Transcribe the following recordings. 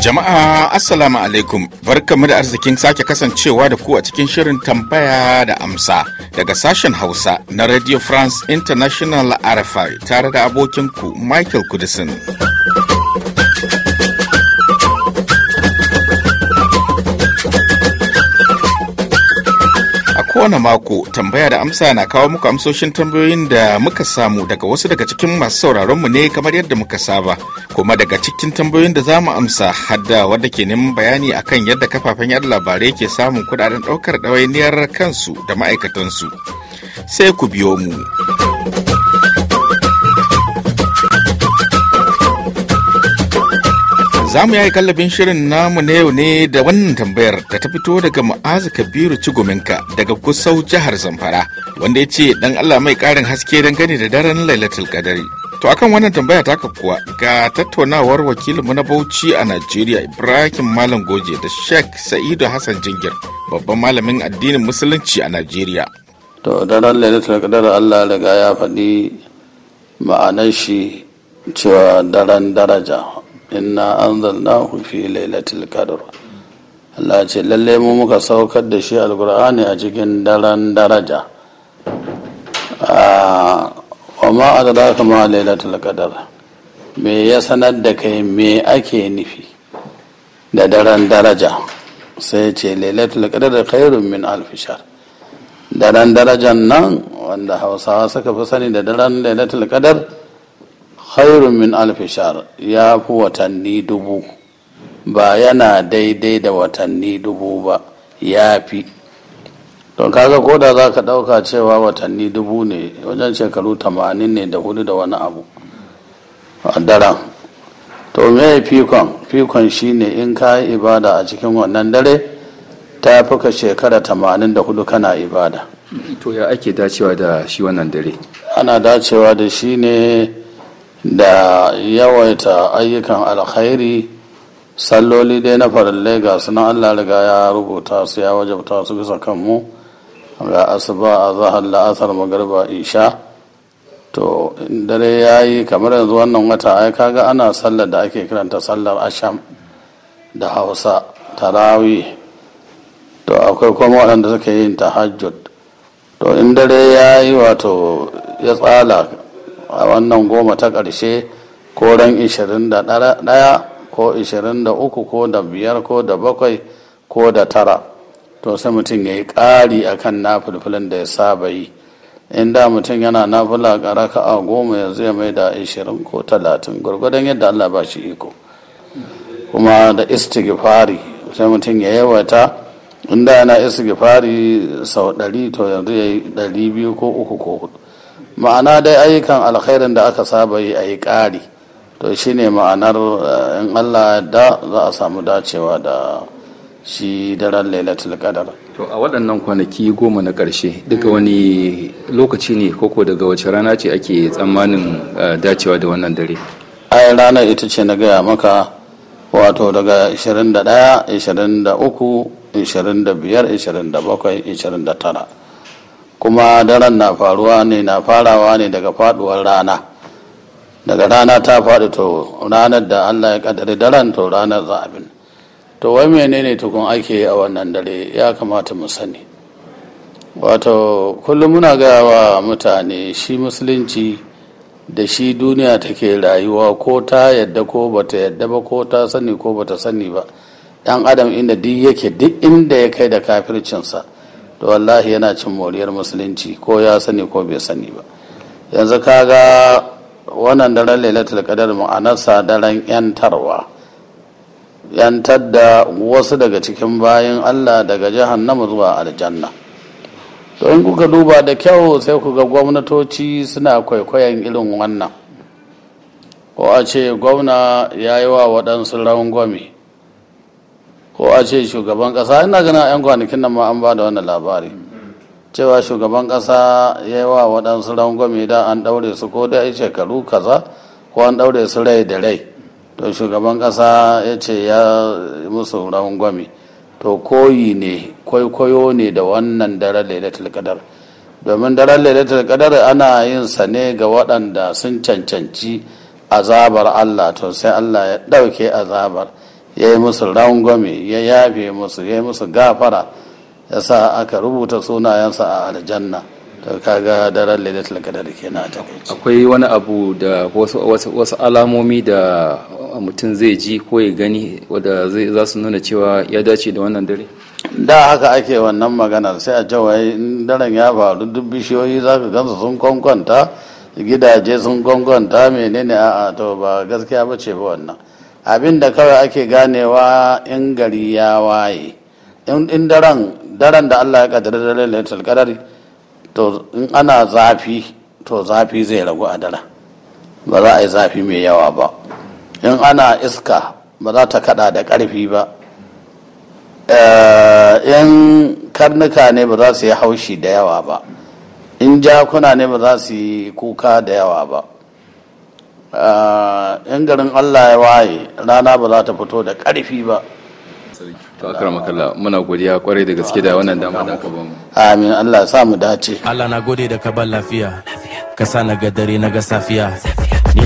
Jama'a Assalamu alaikum barkamu da arzikin sake kasancewa da ku a cikin shirin tambaya da amsa daga sashen Hausa na Radio France International RFI tare da abokinku Michael Kudisin. kowane mako tambaya da amsa na kawo muku amsoshin tambayoyin da muka samu daga wasu daga cikin masu sauraronmu ne kamar yadda muka saba kuma daga cikin tambayoyin da zamu amsa hadda wadda ke neman bayani akan yadda kafafen yada labarai ke samun kudaden daukar dawainiyar kansu da ma'aikatansu sai ku biyo mu. Za mu yayi kallabin shirin namu na yau ne da wannan tambayar da ta fito daga Mu'azu Kabiru Cigominka daga kusau jihar Zamfara wanda ya ce dan Allah mai karin haske gani da daren Lailatul Qadari. To akan wannan tambaya ka kuwa ga tattaunawar wakilinmu na Bauchi a Najeriya Ibrahim Malam Goje da Sheikh Sa'idu Hassan Jingir babban malamin addinin Musulunci a Najeriya. To daren Lailatul Qadar Allah riga ya faɗi ma'anar shi cewa daren daraja inna anzalnahu fi lailatul qadr Allah ce lalle mu muka saukar da shi alqur'ani a cikin daren daraja ah, wa ma adraka ma lailatul qadr me ya sanar da kai me ake nufi da daren daraja sai ce lailatul qadr khairun min alf shahr daren darajan nan wanda hausawa suka fi sani da daren lailatul qadr khairun min alfishar ya fi watanni dubu ba yana daidai da watanni dubu ba ya fi don kaga koda za ka ɗauka cewa watanni dubu ne wajen shekaru tamanin ne da hudu da wani abu a daren to me fikon fikon shine in ka yi ibada a cikin wannan dare ta fi ka shekara tamanin da hudu kana ibada to ya ake dacewa da shi wannan dare ana dacewa da shi ne da yawaita ayyukan alkhairi salloli dai na farin ga sunan allah riga ya rubuta su ya wajabta su bisa kanmu ga asuba a zahar la'asar magarba isha to dare ya yi kamar yanzu wannan wata ai kaga ana sallar da ake kiranta sallar asham da hausa tarawi to akwai kuma waɗanda suka yin tahajjud to in dare ya yi wato ya tsala a wannan goma ta ƙarshe ko ran 21 ko 23 ko da biyar ko da bakwai ko da tara to sai mutum ya yi ƙari a kan nafulfulin da ya saba yi in da mutum yana nafula a a goma yanzu ya mai da 20 ko 30 gwargwadon yadda allah ba shi iko kuma da istighfari sai mutum ya in inda yana istighfari sau 100 to yanzu ya yi 200 ko uku ko hudu ma'ana dai ayyukan alkhairin da aka saba yi a yi ƙari to shi ne ma'anar eh, in allah da za a samu dacewa da shi daren lailatul qadar to a waɗannan kwanaki goma na ƙarshe duka wani lokaci ne koko daga wace rana ce ake tsammanin eh, dacewa da wannan dare ai rana ita ce na gaya maka wato daga 21 23 25 27 29 kuma daren na faruwa ne na farawa ne daga faduwar rana daga rana ta faɗi to ranar da allah ya kaddari daren to ranar za'abin to wai menene tukun ake a wannan dare ya kamata mu sani wato kullum muna gaya wa mutane shi musulunci da shi duniya take rayuwa ko ta yadda ko bata yadda ba ko ta sani ko bata sani ba dan adam inda duk yake duk inda ya kai da kafircinsa to wallahi yana cin moriyar musulunci ko ya sani ko bai sani ba yanzu kaga wannan daren lailatul qadar nasa daren yantarwa yantar da wasu daga cikin bayan Allah daga jahannama zuwa aljanna to in kuka duba da kyau sai ku ga gwamnatoci suna kwaikwayon irin wannan ko a ce gwamna ya yi wa waɗansu rangwame ko a ce shugaban kasa ina ganin yan kwanakin nan ma an ba da wannan labari cewa shugaban kasa ya yi wa waɗansu rangwame da an ɗaure su ko da shekaru kaza ko an ɗaure su rai da rai to shugaban kasa ya ce ya musu rangwame to koyi ne kwaikwayo ne da wannan daren lailatul kadar domin daren lailatul kadar ana yin sa ne ga waɗanda sun cancanci azabar Allah to sai Allah ya ɗauke azabar ya yi musu rangwame ya yafe musu ya yi musu gafara ya sa aka rubuta sunayensa a aljanna ta kaga daren da ke na ta akwai wani abu da wasu alamomi da mutum zai ji ko ya gani wadda za su nuna cewa ya dace da wannan dare da haka ake wannan maganar sai a jawai in daren ya faru duk bishiyoyi za ka gansu sun kwankwanta gidaje sun kwankwanta menene a'a to ba gaskiya ba ce ba wannan abinda kawai ake ganewa in gari ya waye in daren daren da allah ya kaddara da lailatul qadari to in ana zafi to zafi zai ragu a daren ba za a yi zafi mai yawa ba in ana iska ba za ta kada da karfi ba eh, in karnuka ne ba za su yi haushi da yawa ba in jakuna ne ba za su yi kuka da yawa ba Eh, yan garin allah ya waye rana ba za ta fito da ƙarfi ba to akram akalla muna godiya kwarai da gaske da wannan dama da ka bamu amin allah ya sa mu dace allah na gode da ka ban lafiya ka sa na ga dare na ga safiya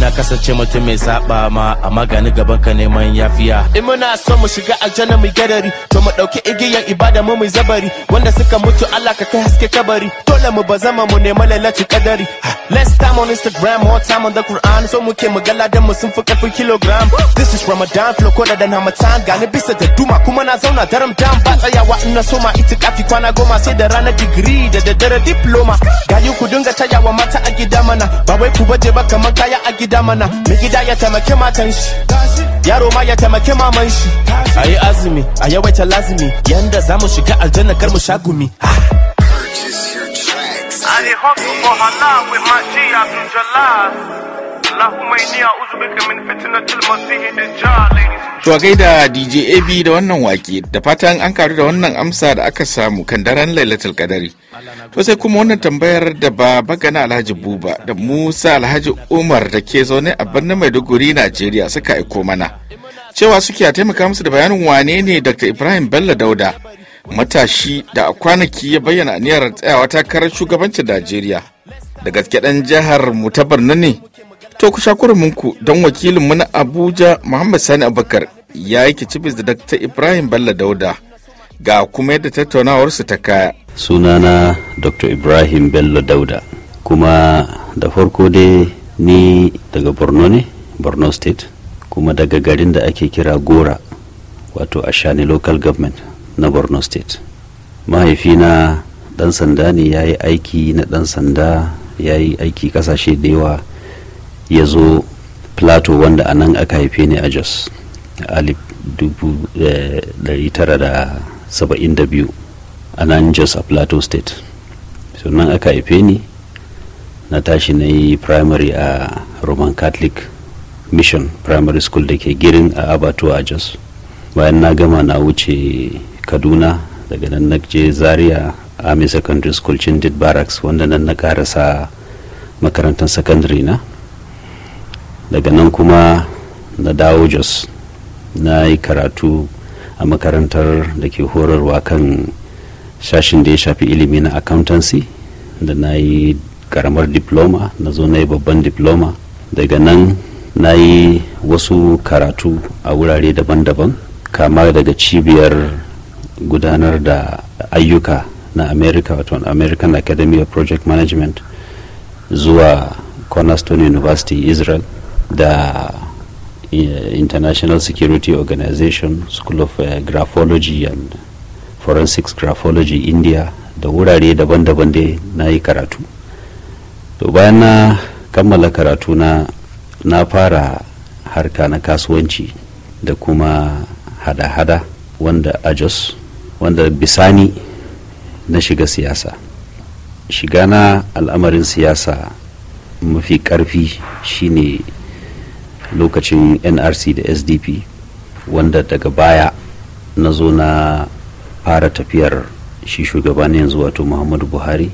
na kasance mutum mai saba ma a magani gaban ka neman yafiya in muna so mu shiga aljanna mu gadari to mu dauki igiyar ibada mu mu zabari wanda suka mutu Allah ka kai haske kabari dole mu bazama mu nema lalaci kadari less time on Instagram more time on the Quran so muke mu gala da mu sun fi karfin kilogram this is Ramadan flow ko da dan hamatan gani bisa da duma kuma na zauna daram dam ba tsayawa in na soma itikafi kwana goma sai da ranar digiri da daddare diploma gayu ku dinga tayawa mata a gida mana ba wai ku baje ba kamar kaya a gida gida mana mai gida ya taimaki matan shi yaro ma ya taimaki maman shi a yi azumi a yawaita lazumi yanda za mu shiga aljanna kar mu sha gumi ah. I hustle for halal with my G Abdul To a gaida DJ AB da wannan wake da fatan an karu da wannan amsa da aka samu kan daren Lailatul kadari. To sai kuma wannan tambayar da ba na Alhaji Buba da Musa Alhaji Umar da ke zaune a birnin Maiduguri Najeriya suka aiko mana. Cewa suke a taimaka musu da bayanin wane ne Dr. Ibrahim Bello Dauda matashi da a kwanaki ya bayyana aniyar tsayawa takarar shugabancin Najeriya. Da gaske ɗan jihar mu ta ne to ku shakurminku don wakilinmu na abuja muhammad sani abakar ya yi kicibis da dr ibrahim bello dauda ga kuma yadda tattaunawar su ta kaya sunana dr ibrahim bello dauda kuma da farko dai ni daga borno ne borno state kuma daga garin da ake kira gora wato ashani local government na borno state mahaifina dan sanda ne ya yi aiki na dan sanda ya yi aiki kasashe da yawa ya zo plato wanda a nan aka haife ni a jos alif 1972 eh, a nan jos a plateau state so nan aka haife ni na tashi na yi primary a roman catholic mission primary school da ke girin a abato a jos bayan na gama na wuce kaduna daga nan na je zaria army secondary school chindit barracks wanda nan na karasa makarantar secondary na daga nan kuma na dawo jos na yi karatu a makarantar da ke horarwa kan sashin da ya shafi ilimi na accountancy da na yi karamar diploma na zo na yi babban diploma daga nan na yi wasu karatu a wurare daban-daban kama daga cibiyar gudanar da ayyuka na america wato american academy of project management zuwa cornerstone university israel da uh, international security organization school of uh, graphology and forensics graphology india da wurare daban-daban dai na yi karatu to bayan na kammala karatu na na fara harka na kasuwanci da kuma hada-hada wanda ajos wanda bisani na shiga siyasa shiga na al'amarin siyasa mafi karfi shine lokacin nrc da sdp wanda daga baya na zo na fara tafiyar shi shugaba ne yanzu wato muhammadu buhari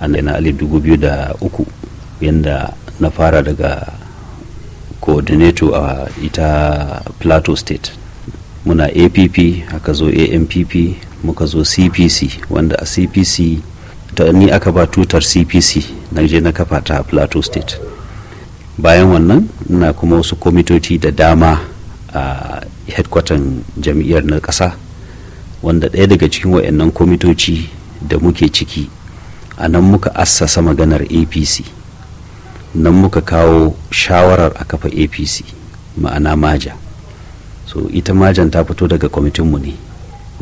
a na alif dubu biyu da uku yadda na fara daga coordinator a ita plateau state muna app aka zo ampp muka zo cpc wanda a cpc ta ni aka ba tutar cpc na je na kafa ta plateau state bayan wannan na kuma wasu kwamitoci da dama a hedkwatan jam'iyyar na ƙasa wanda ɗaya daga cikin wayannan kwamitoci da muke ciki a nan muka assasa maganar apc nan muka kawo shawarar a kafa apc ma'ana maja so ita majan ta fito daga kwamitinmu ne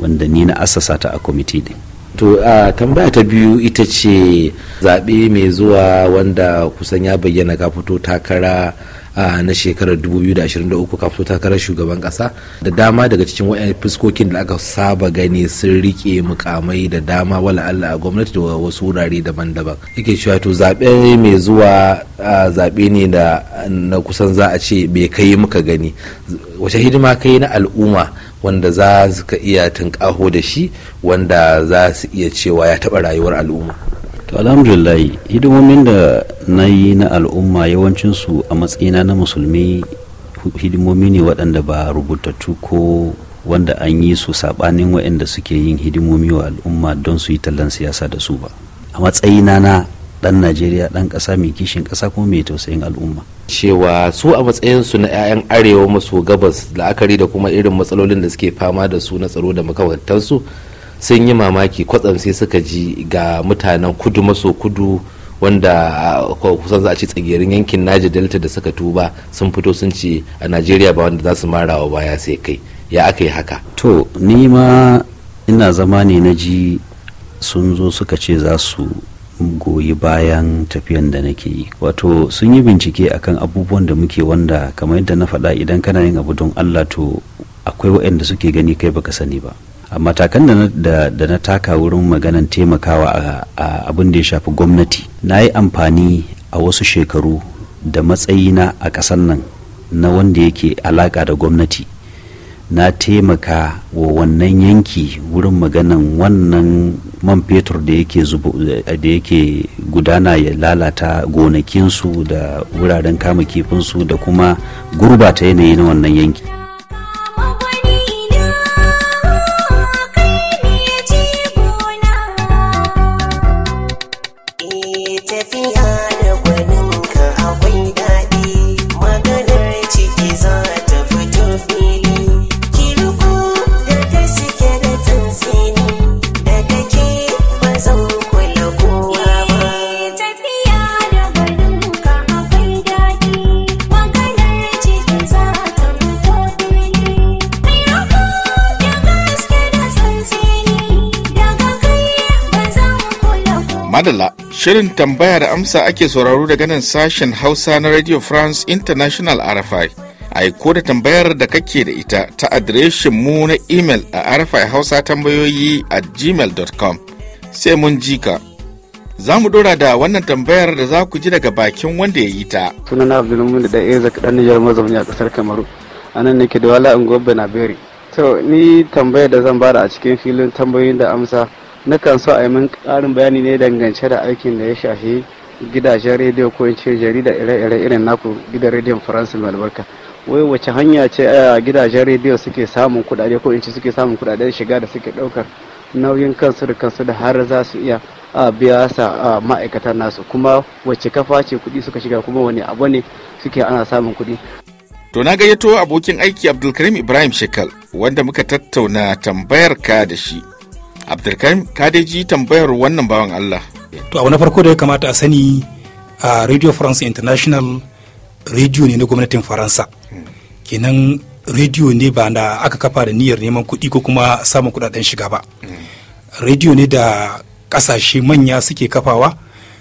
wanda ni na assasa ta a kwamiti ɗin to a tambaya ta biyu ita ce zaɓe mai zuwa wanda kusan ya bayyana ka fito takara na shekarar 2023 fito takarar shugaban ƙasa. da dama daga cikin wayan fuskokin da aka saba gani sun riƙe mukamai da dama wala Allah a gwamnati da wasu wurare daban-daban yake cewa to zaɓe mai zuwa zaɓe ne da na kusan za a ce bai kai muka gani wace hidima kai na al'umma wanda za su ka iya tunƙaho da shi wanda za su iya cewa ya taɓa rayuwar al'umma to alhamdulillah hidimomin da na yi na al'umma yawancinsu a matsayina na musulmi hidimomi ne waɗanda ba rubutattu ko wanda an yi su saɓanin waɗanda suke yin hidimomi wa al'umma don su yi tallan siyasa da su ba a matsayina na dan najeriya dan kasa mai kishin kasa kuma mai tausayin al'umma cewa su a matsayinsu na 'ya'yan arewa maso gabas la'akari da kuma irin matsalolin da suke fama da su na tsaro da makamantansu sun yi mamaki kwatsam sai suka ji ga mutanen kudu maso kudu wanda ah, kusan za a ci tsagerin yankin naji delta da suka tuba sun fito sun ce a najeriya ba wanda za su wa baya sai kai ya aka yi haka to ni ma ina zama ne na ji sun zo suka ce za su goyi bayan tafiyan da nake yi wato sun yi bincike akan abubuwan da muke wanda kamar yadda na faɗa idan kana yin abu don allah to akwai waɗanda suke gani kai baka sani ba a matakan da na taka wurin maganan taimakawa a abin da ya shafi gwamnati na yi amfani a wasu shekaru da matsayina a ƙasar nan na wanda yake alaƙa da gwamnati na taimaka wa wannan yanki wurin maganan wannan man fetur da yake da gudana ya lalata gonakinsu da wuraren kama kifinsu da kuma gurbata yanayi na wannan yanki. Shirin tambaya da amsa ake sauraro daga nan sashen Hausa na Radio France International RFI. Aiko da tambayar da kake da ita ta adireshin mu na imel a RFI Hausa tambayoyi a gmail.com. Sai mun ji ka. Za mu dora da wannan tambayar da za ku ji daga bakin wanda ya yi ta. Sunana Abdulmumin da Eza dan Nijar mazauni a kasar Kamaru. A nan ke da wala unguwar Benaberi. To ni tambayar da zan bada a cikin filin tambayoyin da amsa na kan so a yi min ƙarin bayani ne dangance da aikin da ya shafi gidajen rediyo ko ce jarida ire-ire irin naku gidan rediyon faransa mai albarka wai wace hanya ce a gidajen rediyo suke samun kudade ko in ce suke samun kudaden shiga da suke daukar nauyin kansu da kansu da har za su iya a biya sa a ma'aikatan nasu kuma wace kafa ce kuɗi suka shiga kuma wani abu ne suke ana samun kuɗi. To na gayyato abokin aiki Abdulkarim Ibrahim Shekal wanda muka tattauna tambayar ka da shi abdulkarim ka dai tambayar wannan bawan allah to abu na farko da ya kamata a sani a radio france international radio ne na gwamnatin faransa kenan radio ne ba na aka kafa da niyyar neman kuɗi ko kuma samun kuɗaɗen shiga ba radio ne da ƙasashe manya suke kafawa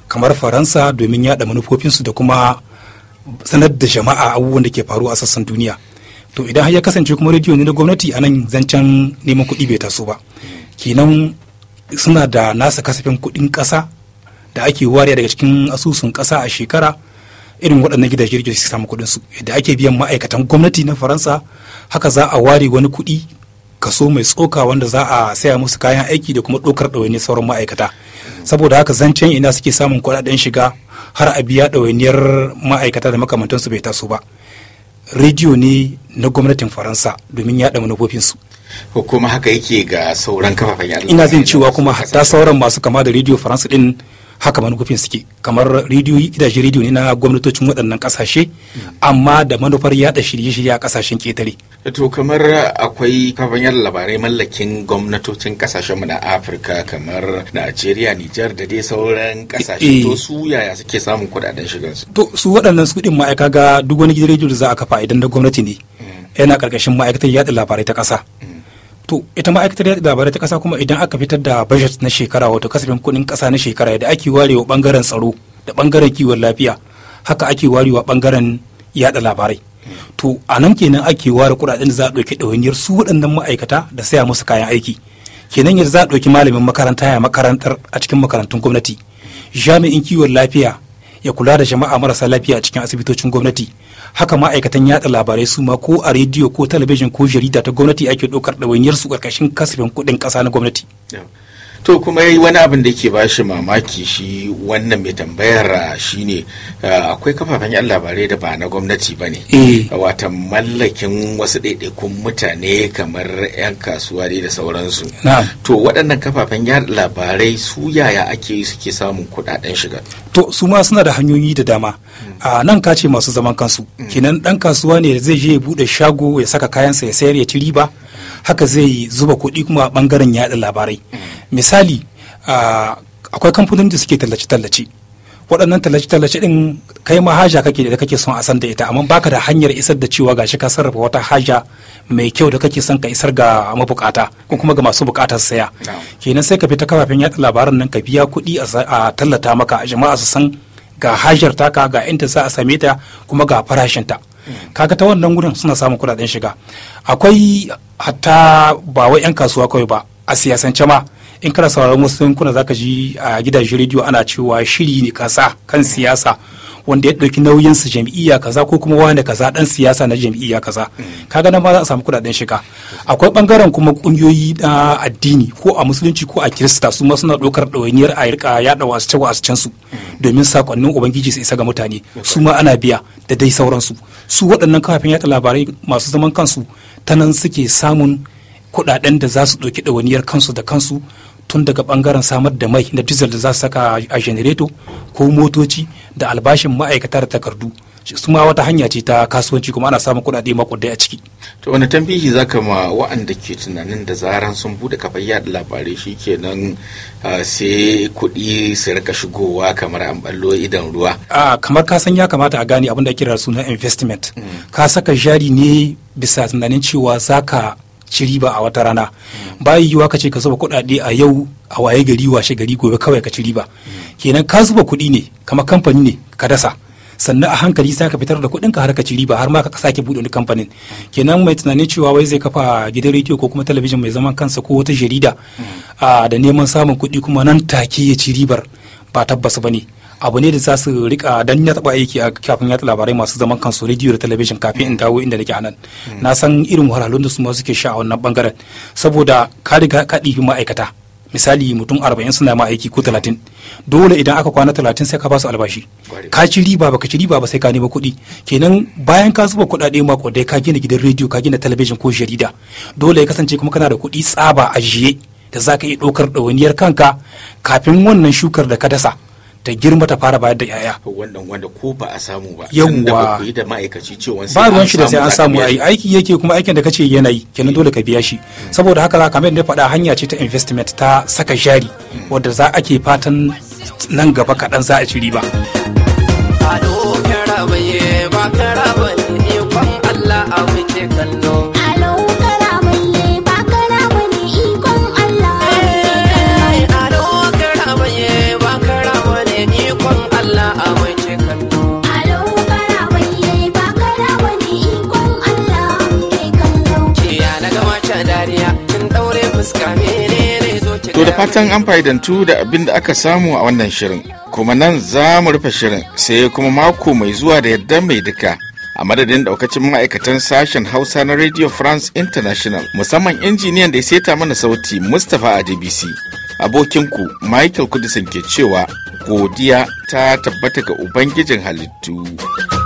kamar faransa domin yaɗa manufofinsu da kuma sanar da jama'a abubuwan da ke faru a sassan duniya to idan har ya kasance kuma radio ne na gwamnati a nan zancen neman kuɗi bai taso ba kenan suna da nasa kasafin kuɗin ƙasa da ake wariya daga cikin asusun kasa a shekara irin waɗannan gidaje da su samu kuɗinsu da ake biyan ma'aikatan gwamnati na faransa haka za a ware wani kuɗi kaso mai tsoka wanda za a saya musu kayan aiki da kuma ɗaukar ɗawainiyar sauran ma'aikata saboda haka zancen ina suke samun kuɗaɗen shiga har a biya ɗawainiyar ma'aikata da makamantansu bai taso ba rediyo ne na gwamnatin faransa domin yaɗa manufofinsu ko kuma haka yake ga sauran kafafen ina zin cewa kuma hatta sauran masu kama da rediyo faransa din haka manufofin suke kamar ita gidajen rediyo ne na gwamnatocin waɗannan ƙasashe hmm. amma da manufar yaɗa shirye-shirye a ƙasashen ketare to kamar akwai kafanyar labarai mallakin gwamnatocin kasashenmu na afirka kamar nigeria nijar da dai sauran kasashe eh. to su yaya suke samun kudaden shigansu to su waɗannan su kuɗin ma'aika ga duk wani gidan rediyo da za a kafa idan da gwamnati ne hmm. yana karkashin ma'aikatar yaɗa labarai ta ƙasa hmm. to ita ma'aikatar yaɗa labarai ta ƙasa kuma idan aka fitar da budget na shekara wato kasafin kuɗin ƙasa na shekara da ake warewa ɓangaren tsaro da ɓangaren kiwon lafiya haka ake warewa ɓangaren yaɗa labarai to a nan kenan ake ware kuɗaɗen da za a ɗauki ɗawainiyar su waɗannan ma'aikata da saya musu kayan aiki kenan yanzu za a ɗauki malamin makaranta ya makarantar a cikin makarantun gwamnati jami'in kiwon lafiya ya kula da jama'a marasa lafiya a cikin asibitocin gwamnati haka ma'aikatan yada labarai su ma ko a rediyo ko talabijin ko jarida ta gwamnati ake ɗaukar ɗawainiyar su ƙarƙashin kasafin kuɗin ƙasa na gwamnati. to kuma wani abin da ke bashi mamaki shi wannan mai tambayar ah, shi ne ah, akwai kafafen yan labarai da ba na gwamnati ba ne eh. wata mallakin wasu ɗaiɗaikun mutane kamar 'yan kasuwa da sauransu to waɗannan kafafen yan labarai su yaya ake suke samun kuɗaɗen shiga to su ma suna da hanyoyi da dama hmm. a ah, nan kace masu zaman kansu hmm. kenan ɗan kasuwa ne zai je ya buɗe shago ya saka kayansa ya sayar ya ci riba haka zai zuba kuɗi kuma a ɓangaren yaɗa labarai misali akwai kamfanin da suke tallace-tallace waɗannan tallace-tallace ɗin kai ma haja kake da kake son a san da ita amma baka da hanyar isar da cewa gashi ka sarrafa wata haja mai kyau da kake son ka isar ga mabukata ko kuma ga masu bukatar saya kenan sai ka fita ta kafafen yaɗa labaran nan ka biya kuɗi a tallata maka jama'a su san ga hajar taka ga inda za a same ta kuma ga farashinta kaga ta wannan gudun suna samun kudaden shiga akwai hatta ba wai 'yan kasuwa kawai ba a siyasance ma in kana sauraron wasu yankuna zaka ji a gidajen rediyo ana cewa shiri ne kasa kan siyasa wanda ya ɗauki nauyin su jam'iyya kaza ko kuma wani kaza dan siyasa na jam'iyya kaza mm. kaga nan ma za a samu kuɗaɗen shiga akwai bangaren kuma ƙungiyoyi na addini ko a musulunci ko a kirista su ma suna ɗaukar ɗawainiyar a rika yaɗa wasu cewa a can su mm. domin sakonnin ubangiji su isa ga mutane su ma ana biya da dai sauransu su waɗannan kafafen yaɗa labarai masu zaman kansu ta nan suke samun kuɗaɗen da za su ɗauki ɗawainiyar kansu da kansu tun daga bangaren samar da mai da diesel da za su saka a generator ko motoci da albashin ma'aikata da takardu su ma wata hanya ce ta kasuwanci kuma ana samun kuɗaɗe makudai a ciki. to wani tambihi za ka ma wa'anda ke tunanin da zaran sun bude kafar yada labarai shikenan sai kuɗi su rika shigowa kamar an ballo idan ruwa. a kamar ka san ya kamata a gane abin da kira suna investment mm. ka saka jari ne bisa tunanin cewa za ka ci ba a wata rana ba yiwuwa ka ce ka zuba kuɗaɗe a yau a waye gari washe gari gobe kawai ka ci riba kenan ka zuba kuɗi ne kama kamfani ne ka dasa sannan a hankali sai ka fitar da kuɗin ka har ka ci riba har ma ka sake buɗe wani kamfanin kenan mai tunanin cewa wai zai kafa gidan rediyo ko kuma talabijin mai zaman kansa ko wata jarida da neman samun kuɗi kuma nan take ya ci ribar ba tabbas ba ne abu ne da za su rika dan ya taba aiki a kafin yatsa labarai masu zaman kansu rediyo da talabijin kafin in dawo inda nake anan na san irin wahalhalun da su ma suke sha a wannan bangaren saboda ka riga ka ɗibi ma'aikata misali mutum arba'in suna ma aiki ko talatin dole idan aka kwana talatin sai ka ba su albashi ka ci riba baka ci riba ba sai ka nemi kuɗi kenan bayan ka zuba kuɗaɗe ma dai ka gina gidan rediyo ka gina talabijin ko jarida dole ya kasance kuma kana da kuɗi tsaba a jiye da za ka iya ɗaukar ɗawainiyar kanka kafin wannan shukar da ka dasa ta girma ta fara bayar da yaya wannan wanda ko ba a samu ba yawwa da ma'aikaci cewa ba ruwan shi sai an samu ai aiki yake kuma aikin da kace yana yi kenan dole ka biya shi hmm. saboda haka za mai da faɗa hanya ce ta investment ta saka jari hmm. wadda za a ke fatan nan gaba kaɗan za a ci riba. ba fatan an fa'idantu da abin da aka samu a wannan shirin kuma nan za mu rufe shirin sai kuma mako mai zuwa da yadda mai duka a madadin daukacin ma'aikatan sashen hausa na radio france international musamman injiniyan da ya seta mana sauti mustapha a dbc abokinku michael kudisin ke cewa godiya ta tabbata ga ubangijin halittu